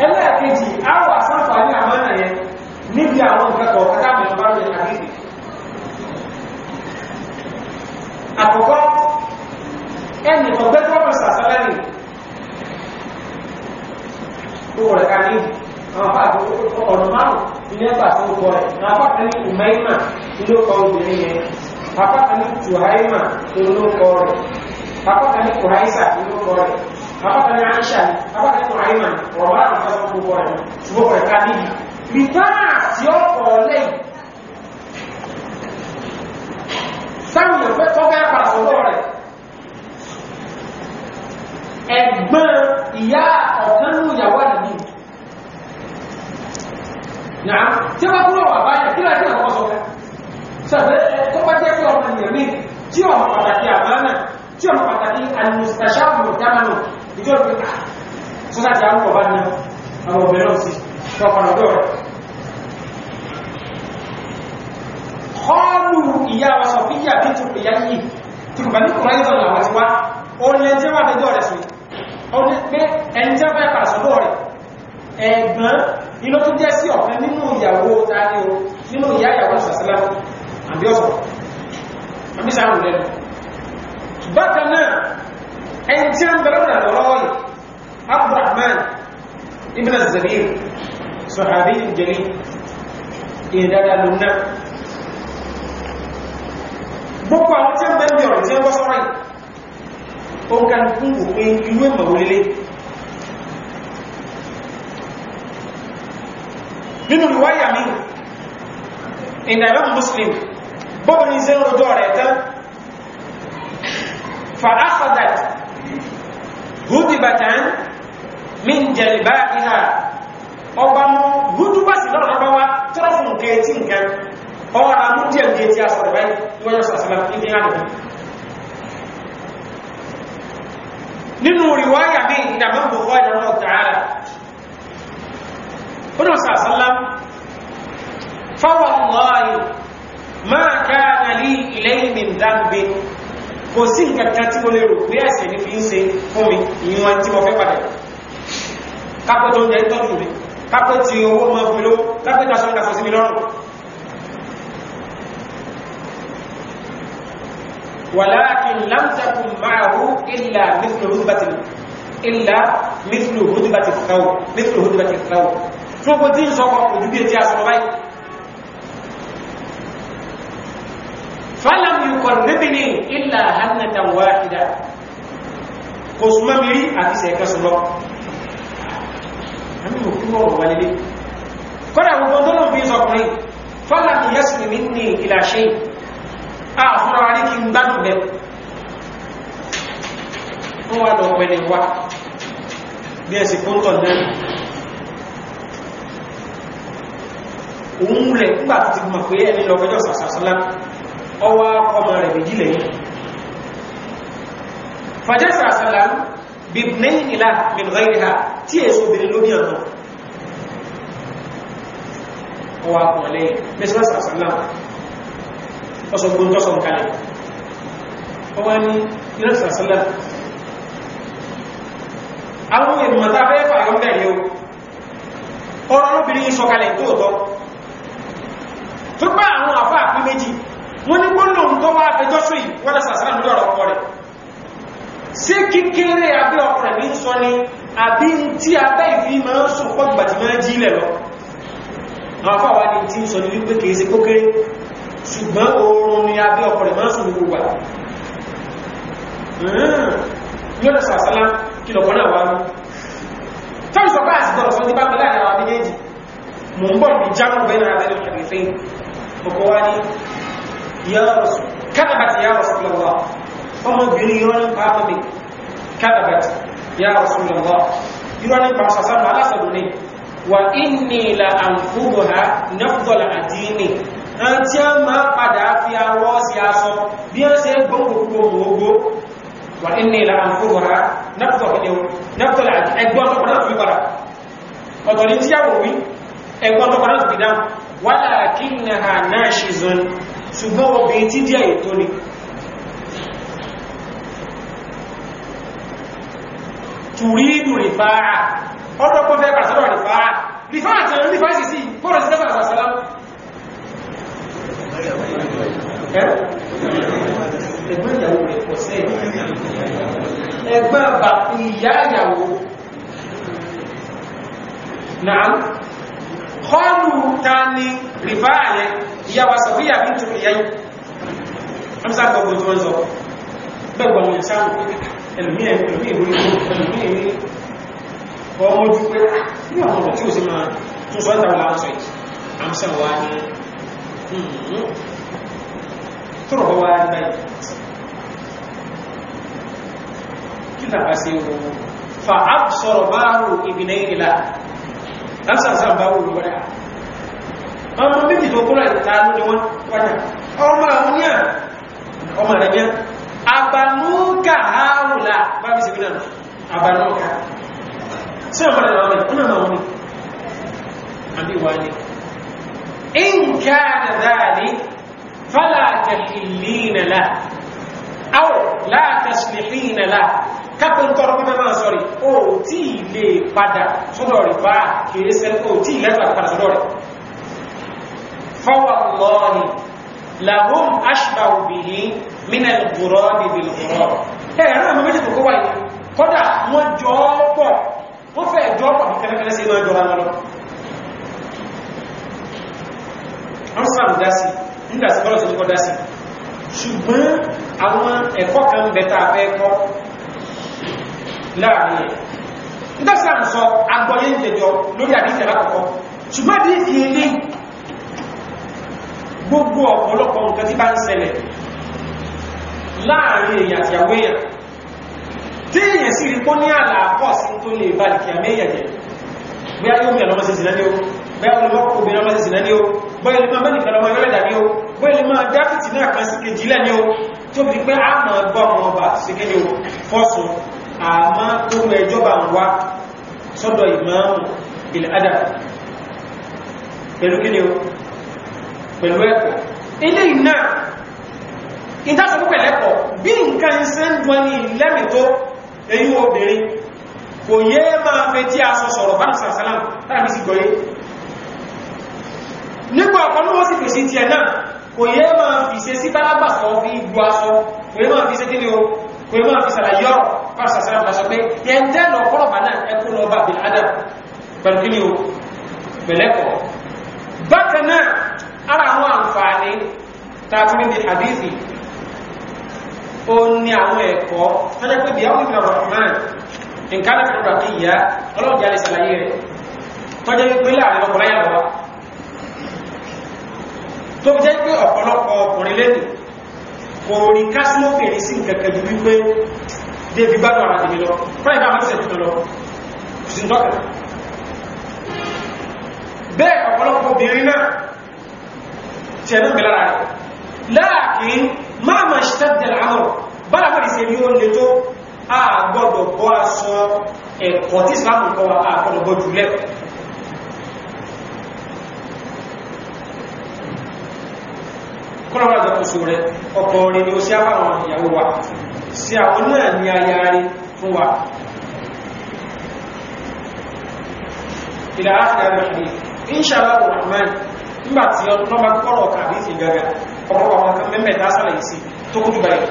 ẹlẹ́ẹ̀kejì àwọn àsánfàní àmánà yẹn níbi àwọn ìkẹ́kọ̀ọ́ kátàmì ọ̀bá rẹ̀ àgbègbè àkọ́kọ́ ẹnì ọ̀gbẹ́ tó wọ́n sàṣálẹ́ nì owó rẹ̀ ká ní àwọn àti ọ̀nà márùn ilé ẹgbà tó kọ rẹ̀ ní apáta ní ìmáìmà ilé ọkọ̀ obìnrin yẹn apáta ní tùháìmà ilé ọkọ̀ rẹ̀ apáta ní kùháìsà ilé ọkọ̀ rẹ̀ apáta ní àṣà apáta ní kùháìmà ọ̀rọ̀ àrùn tó kọ rẹ̀ ṣùgbọ́n rẹ̀ ká níbi rìtáà tí ó kọ̀ lẹ́yìn sáwọn ìyẹ̀fẹ́ tó fẹ́ pàṣẹ ẹ̀gbọ́n ìyá ọ̀kanú ìyàwó àdìbí náà tí wọ́n kúrò wà báyìí kí láti àwọn ọ̀sọ̀ sọ̀rọ̀ tó bá jẹ́ pé ọmọ ènìyàn ní tí ọmọ pàtàkì àmàna tí ọmọ pàtàkì alùsàṣàbù dámanù ìjọ pé ah, tó láti àwọn ọba ní àwọn ọbẹ̀ náà sí ọkọ̀nà ọdọ́ rẹ̀ kọlù ìyá wa sọ fíjà bí tó pè yá yìí tí kò bá ní kò ti wá ó lẹ́jẹ́ wà lẹ́jọ́ rẹ̀ sí ọdún pé ẹni jẹ́ bẹ́ẹ̀ pàṣọ́dọ̀ rẹ̀ ẹ̀gbọ́n iná tó jẹ́ sí ọ̀kan nínú ìyàwó tààrí o nínú ìyá ìyàwó ìṣàṣẹ́lá àbí ọ̀sọ̀ àbí sáàrùn lẹ́nu bákan náà ẹni jẹ́ ń bẹ̀rẹ̀ náà lọ́wọ́ yìí abdulrahman gbogbo àwọn tí ń bẹ́ẹ̀ ọ̀rọ̀ tí ń wọ́ yìí ó ká fún òpin irú ẹ̀mọ̀ orílẹ̀ nínú ìwáyà mi ìdàmà muslim bọ́bù ní ṣe ń rojọ́ rẹ̀ tán fa'afadat gudibatan min jẹ̀lìbá ìhà ọba mú gudubasi lọ́rọ̀ ọba wá tọ́rọ fún kẹtí nǹkan ọwọ́ àmúdíẹ̀ kẹtí asọ̀rọ̀ báyìí wọ́n yọ sàṣẹ́lá ní nínú riwaya ní ìdàmọ́ gbogbo ìdàmọ́ ọ̀tàrà ọdún sàásánlá fawallahi ma kana li ilayhi min dhanbin kò sí nǹkan tí mo lè rò pé ẹ̀ṣẹ̀ ní fi ń ṣe fún mi ìwọ̀n tí mo fẹ́ padà kápẹ́ tó ń jẹ tọ́jú mi kápẹ́ tí owó mọ́ fi ló kápẹ́ tàṣọ́ ìdàfọ́sí mi lọ́rùn ولكن لم تكن معه إلا مثل هدبة إلا مثل هدبة الثوب مثل هدبة الثوب فوق دين سوق وجوبية يا صبي فلم يقربني إلا هنة واحدة قسم مري أبي سيكا سلو أمي مكتوب ووالدي فلا مقدر في سوقني فلم يسلم مني إلى شيء àfúnra wa ní kí n gbádùn bẹ́ẹ̀ wọ́n wá lọ pẹ̀lẹ̀ wá bí ẹ sì kóńtọ̀ náà òun rẹ̀ nígbà tó ti mọ̀ pé ẹni lọ fẹjọ́ sàṣàṣọ́lá ọwọ́ ọmọ rẹ̀ méjì lẹ́yìn fàjẹ́ sàṣàṣọ́lá bìbìnrin ìlà mìíràn ìhà tí èso obìnrin ló ní ọ̀nà ọwọ́ akọ̀ọ̀lẹ́yìn mẹ́sàn-án sàṣàṣọ́lá ọsọ gbogbo tọ́sọ kalẹ̀ ọwá ní ìrẹsàsílẹ̀ àwọn ìrìnmọ̀ta fẹ́ fàyọ bẹ̀rẹ̀ o ọ̀rọ̀ lóbìnrin sọkalẹ̀ tóòtọ́ tó bá àwọn àfá àpí méjì wọ́n ní gbọ́nà tó wá àfẹjọ́sù yìí wọ́n rẹsàsílẹ̀ lórí ọ̀rọ̀ ọkọ rẹ̀ sí kíkéré abẹ́ ọkọ rẹ̀ ní sọ ni àbí tí abẹ́ ìfí máa ń sùn pọ̀ gbàtí máa jí ilẹ̀ lọ àwọn afáwà ní ṣùgbọ́n oorun ni abẹ́ ọkọ̀rẹ̀ máa sùn gbogbo wà yọ́nà sàásálá kí lọ̀pọ̀ náà wá ní tọ́rì sọ báyìí sọ́rọ̀ sọ́dí bá pẹ̀lá àwọn abẹ́yẹ́jì mọ̀ ń bọ̀ ní jámọ̀ bẹ́ẹ̀ náà abẹ́rẹ̀ kàrífẹ́ ọkọ̀ wá ní yọ́rọ̀sù kádàbàtì yọ́rọ̀sù lọ́wọ́ ọmọbìnrin yọ́rọ̀ pàápọ̀ mi kádàbàtì yọ́rọ̀sù lọ́wọ́ yọ́rọ̀ nípa sàásálá alásàdùn ni àwọn tí a máa padà fi awọ́ sí aṣọ bí a ṣe gbogbo gbogbo wà ní ìlà àkóhọ̀rá nápùtọ̀ ìdíwò nápùtọ̀ ẹgbọ́n tọ́kọ̀ náà fi padà ọ̀tọ̀ ní tí a wò wí ẹgbọ́n tọ́kọ̀ náà fi dáhùn wà láàkí ní ha náà ṣe zọ́ni ṣùgbọ́n obìnrin tí díẹ̀ ètò ni tùrídù rìfáà ọdọ́kọ́ fẹ́ pàṣẹ́rọ̀ rìfáà rìfáà rìfáà sì sí fọ́rọ̀ sí ẹgbẹ́ ìyàwó rẹ̀ pọ̀ sí ẹgbẹ́ bà ìyá ìyàwó náà kọlù ta ni rìfà àyẹ ìyàwó sàfíyà ní tó ìyá yìí wọ́n sá gbogbo tí wọ́n sọ gbẹ̀gbọ̀ wọn sáàmù ẹlùmí ẹlùmí ìwé ẹlùmí ìwé ọmọ ojú pé ní ah, àwọn ọ̀rọ̀ tí ó sì máa tún sọ́ta wọn láti sọ yìí àmì sẹ́wọ̀n wá ní tọ́rọ̀ wá náà kí tàbá sí ohun fa'ab sọ̀rọ̀ báàrù ìbìnà ìlà lásàsà báwò wọ́n ọmọ méjì tó kúrò ìta lórí wọ́n wájá ọmọ àmúníà ọmọ àrẹ́bíà àbànúkà àárùlà bá bí sẹ́bí náà àbànúkà sí ọmọ إن كان ذلك فلا تحلين له أو لا تسلحين له kápẹ́ni tọ́rọ pípẹ́ máa sọ́rí o tí lè padà sọ́dọ̀ rẹ̀ bá kìí sẹ́ o tí lẹ́tọ̀ padà sọ́dọ̀ rẹ̀ fawallahi lahum ashbahu bihi minal ghurabi bil ghurabi ẹ̀rọ àmì méjì tó kó wáyé kọ́dà wọ́n jọ pọ̀ wọ́n fẹ́ jọ pọ̀ kẹ́lẹ́kẹ́lẹ́ sí máa jọ dásì nígbà sí kọ́lọ̀ tó kọ́ dásì ṣùgbọ́n àwọn ẹ̀kọ́ kan bẹ̀ta fẹ́ kọ́ láàrin ẹ̀ nígbàsá ń sọ agbọ́yé ìjẹjọ lórí àdíṣẹ́ lákọ̀ọ́kọ́ ṣùgbọ́n àdíṣẹ́ ilé gbogbo ọ̀pọ̀lọpọ̀ nǹkan tí bá ń ṣẹlẹ̀ láàrin èyàn àti àwọn èyàn tí èyàn sì rí kó ní àlàáfọ́ sí tó lè bá ìkìyàmẹ́yàn jẹ bí a yóò mẹ́rin ọmọ sí ìsìnlẹ́ ní ó bẹ́ẹ̀ olùkọ́ obìnrin ọmọ sí ìsìnlẹ́ ní ó bọ́ẹ̀lì máa mẹ́rin kẹlọmọ ẹlẹ́dà ní o bọ́ẹ̀lì máa dáfìtì náà kan sí kejìlẹ̀ ní o tó bí pé a máa gbọ́ ọmọ ọba sí kí ni o fọ́sùn àmá tó mẹ ìjọba ń wá sọ́dọ̀ ìmáàmù ilẹ̀ adà pẹ̀lú kí ni o pẹ̀lú ẹ̀kọ́ ilé iná ìdájọ́ púpẹ̀ lẹ́kọ̀ọ́ bí nǹkan iṣẹ́ ń dùn ní lẹ́mì tó eyín obìnrin kò yé máa fẹ́ tí a sọ sọ̀rọ̀ bá ń sàṣálàm nígbà ọ̀pọ̀lọ́wọ́ sì fèsì tí ẹ̀ náà kò yẹ máa fi ṣe sí tálágbà sọ fi gbọ́ aṣọ kò yẹ máa fi ṣe kí ni o kò yẹ máa fi ṣàlàyé ọ̀rọ̀ pàṣẹ sẹ́rẹ̀ fàṣọ pé yẹn tẹ́ lọ kọ́lọ̀bà náà ẹkún lọ bá bìí adam pẹ̀lú kí ni o pẹ̀lẹ́kọ̀ bákan náà ara àwọn àǹfààní tàbí ní hadithi ó ní àwọn ẹ̀kọ́ tọ́jẹ́ pé àwọn ọkùnrin àlọ́wà tó jẹ́ pé ọ̀pọ̀lọpọ̀ ọkùnrin lẹ́nu kò rí kásílófèrè sí kẹ̀kẹ́ ju wípé débi gbádùn ara tèmi lọ fáyé bá mẹ́sẹ̀ tó lọ sí tọ́kẹ̀ bẹ́ẹ̀ ọ̀pọ̀lọpọ̀ obìnrin náà tẹ̀lú mi lára rẹ̀ láàkín máa ma ṣẹ́dẹ̀ àmọ̀ bára bá ìṣẹ́ ní ó lè tó àgbọ́dọ̀ bọ́ aṣọ ẹ̀kọ́ tí ìsìlámù kọ́ wa àgbọ́dọ̀ bọ́ kọ́lọ̀wà àjọkùsù rẹ̀ ọkọ̀ rẹ̀ ni ó sí àwọn ìyàwó wa sí àwọn náà ní aya rí fún wa ìlà áfíà rẹ̀ inṣàlá rahman nígbà tí ọdún bá kọ́rọ̀ kàbí ti gaga ọ̀pọ̀ àwọn kan mẹ́mẹ́ dásàlẹ̀ yìí sí tó kú dùbà yìí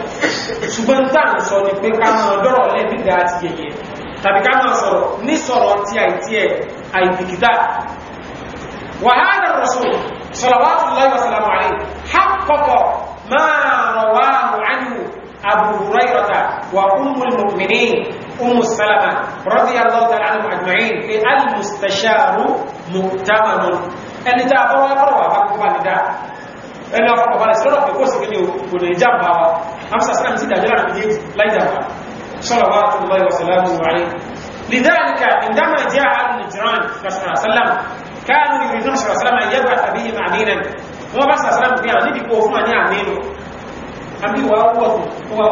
ṣùgbọ́n tá à ń sọ ni pé ká máa dọ́rọ̀ lẹ́bí dáa ti yẹ̀yẹ̀ tàbí ká máa sọ̀rọ̀ ní sọ̀rọ̀ ti àìtí ẹ̀ àìbìkítà wàhálà rọ̀sùn صلوات الله وسلامه عليه حقق ما رواه عنه أبو هريرة وأم المؤمنين أم السلامه رضي الله تعالى عنهم أجمعين في المستشار مؤتمن أن جاء فروا يقروا فقالوا أن جاء أن أفرق فالي سلوك في قوس كني يقول إجابة أمسا سلام سيدة جلال بديد لا إجابة صلوات الله وسلامه عليه لذلك عندما جاء النجران صلى الله عليه وسلم كانوا يريدون صلى الله عليه وسلم أن يبعث بهم أمينا وما بس صلى الله عليه وسلم في أمين يكون أمين أمين وهو هو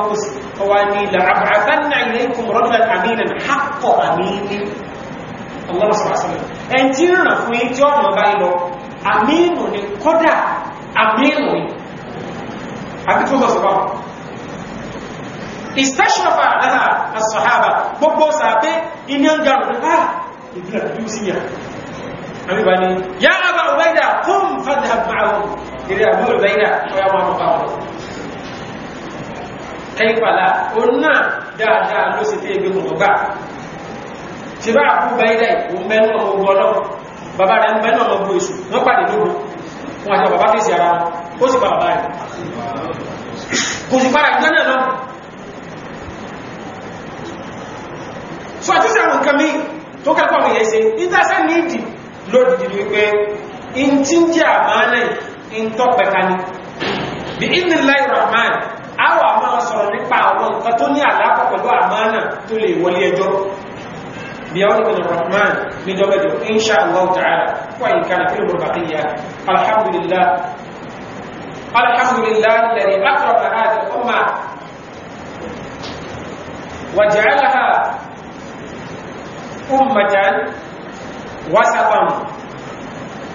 هو أني لأبعثن إليكم رجلا أمينا حق أمين الله صلى الله عليه وسلم أنت نفوي جون مبايلو أمين كودا أمين أبي توبة صباح استشرف لها الصحابة بوبو سابي إن ينجر آه يقول لك يوسف àbíbá ni yá àbá ọ̀bẹ́dà kún fàdà máàwù ìrẹ́ àbú ọ̀bẹ́dà ọ̀yá wọn ọ̀pá wọn ẹ̀yìnpàlá òun náà dáadáa ló sì fi ebi mọ̀ ọ̀gá tí bá àbú ọ̀bẹ́dà ìkó mẹ́nu ọmọ ogun ọlọ́run bàbá rẹ̀ ń mẹ́nu ọmọ ogun èṣù wọ́n pàdé lógun wọn àti bàbá fèsì ara wọn ó pa bàbá rẹ̀ kò sì padà gbẹ́nà lọ so àtúnṣe àwọn nǹkan mi tó kẹ́kọ̀ọ́ mi yẹn ṣe ní tásán ní ìdì lódìdí wípé in tí ń jẹ́ àmánà in tọ́pẹ̀ka ni bí inú láì rahman àwọn àmọ́ sọ̀rọ̀ nípa àwọn nǹkan tó ní àlápọ̀ pẹ̀lú àmánà tó lè wọlé ẹjọ́ بيوم الرحمن من يوم إن شاء الله تعالى وإن كان فيهم البقية الحمد لله الحمد لله الذي أقرب هذه الأمة وجعلها أمة وسطا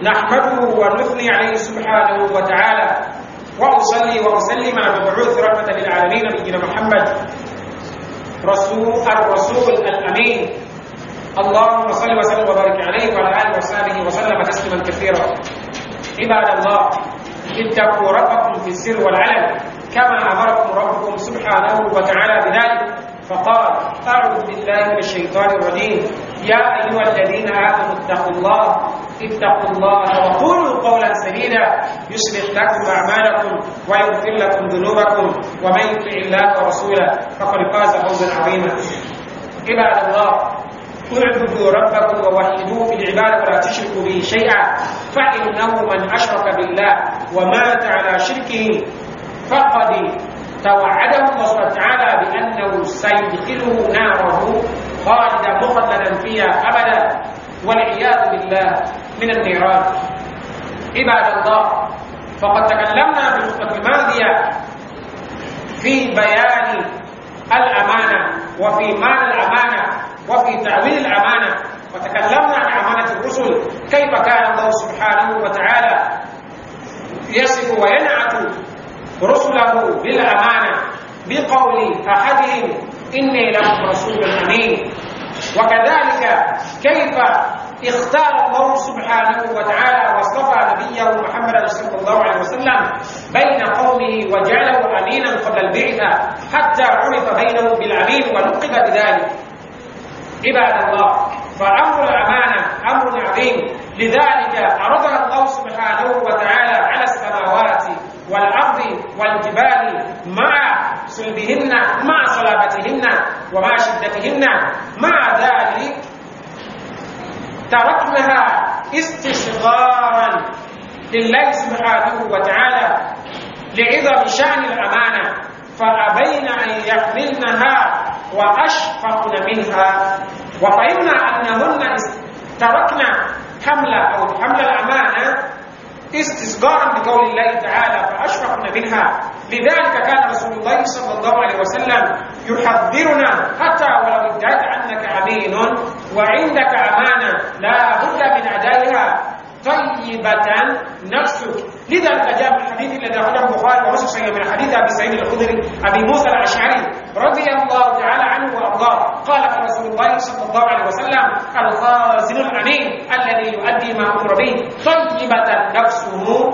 نحمده ونثني عليه سبحانه وتعالى وأصلي وأسلم على مبعوث رحمة للعالمين نبينا محمد رسول الرسول الأمين اللهم صل وسلم وبارك عليه وعلى آله وصحبه وسلم تسليما كثيرا عباد الله اتقوا ربكم في السر والعلن كما أمركم ربكم سبحانه وتعالى بذلك فقال أعوذ بالله من الشيطان الرجيم يا أيها الذين آمنوا اتقوا الله اتقوا الله وقولوا قولا سديدا يصلح لكم أعمالكم ويغفر لكم ذنوبكم ومن يطع الله ورسوله فقد فاز فوزا عظيما عباد الله اعبدوا ربكم ووحدوه في العباده ولا تشركوا به شيئا فانه من اشرك بالله ومات على شركه فقد توعده الله تعالى بانه سيدخله ناره قاعدة مخلدا فيها أبدا والعياذ بالله من النيران عباد الله فقد تكلمنا في الخطبة الماضية في بيان الأمانة وفي معنى الأمانة وفي تعويل الأمانة وتكلمنا عن أمانة الرسل كيف كان الله سبحانه وتعالى يصف وينعت رسله بالأمانة بقول أحدهم إني لكم رسول أمين وكذلك كيف اختار الله سبحانه وتعالى واصطفى نبيه محمدا صلى الله عليه وسلم بين قومه وجعله امينا قبل البعثه حتى عرف بينه بالامين ولقب بذلك عباد الله فامر الامانه امر عظيم لذلك عرضها الله سبحانه وتعالى على السماوات والارض والجبال مع سلبهن مع صلابتهن ومع شدتهن مع ذلك تركنها استشغارا لله سبحانه وتعالى لعظم شأن الأمانة فأبين أن يحملنها وأشفقن منها وفهمنا أنهن تركنا حمل أو حمل الأمانة استصغارا بقول الله تعالى فأشفقنا منها لذلك كان رسول الله صلى الله عليه وسلم يحذرنا حتى ولو ادعت أنك أمين وعندك أمانة لا بد من أدائها طيبة نفسك لذا جاء الحديث الذي أخرجه البخاري ومسلم من حديث أبي سعيد الخدري أبي موسى الأشعري رضي الله تعالى عنه وأرضاه قال في رسول الله صلى الله عليه وسلم الخازن الأمين الذي يؤدي ما أمر به طيبة نفسه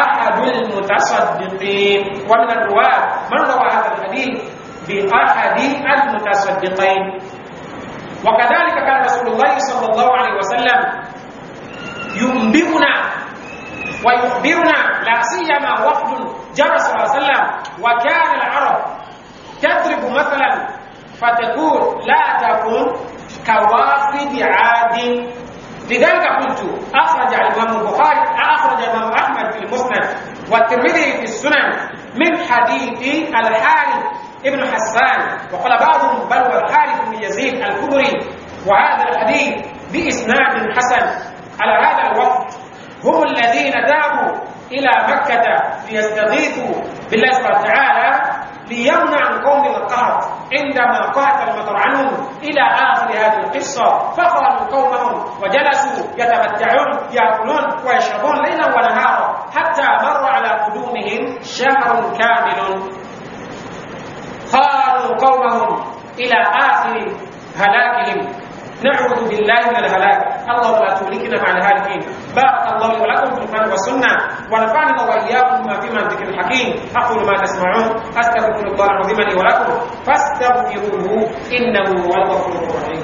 أحد المتصدقين ومن الرواة من روى هذا الحديث بأحد المتصدقين وكذلك كان رسول الله صلى الله عليه وسلم ينبئنا ويخبرنا لا سيما وفد جرى صلى الله عليه وسلم وكان العرب تضرب مثلا فتقول لا تكن كوافد عاد لذلك قلت اخرج الامام البخاري اخرج الامام احمد في المسند والترمذي في السنن من حديث الحارث ابن حسان وقال بعضهم بل والحارث بن يزيد الكبري وهذا الحديث باسناد حسن على هذا الوقت هم الذين ذهبوا إلى مكة ليستغيثوا بالله سبحانه وتعالى ليمنع القوم القهر عندما قاتل المطر عنهم إلى آخر هذه القصة فخرجوا قومهم وجلسوا يتمتعون يأكلون ويشربون ليلا ونهارا حتى مر على قدومهم شهر كامل خاروا قومهم إلى آخر هلاكهم نعوذ بالله من الهلاك اللهم لا تهلكنا مع الهالكين بارك الله ولكم في القرآن والسنة ونفعنا وإياكم ما فيما ذكر الحكيم أقول ما تسمعون أستغفر الله العظيم لي ولكم فاستغفروه إنه هو الغفور الرحيم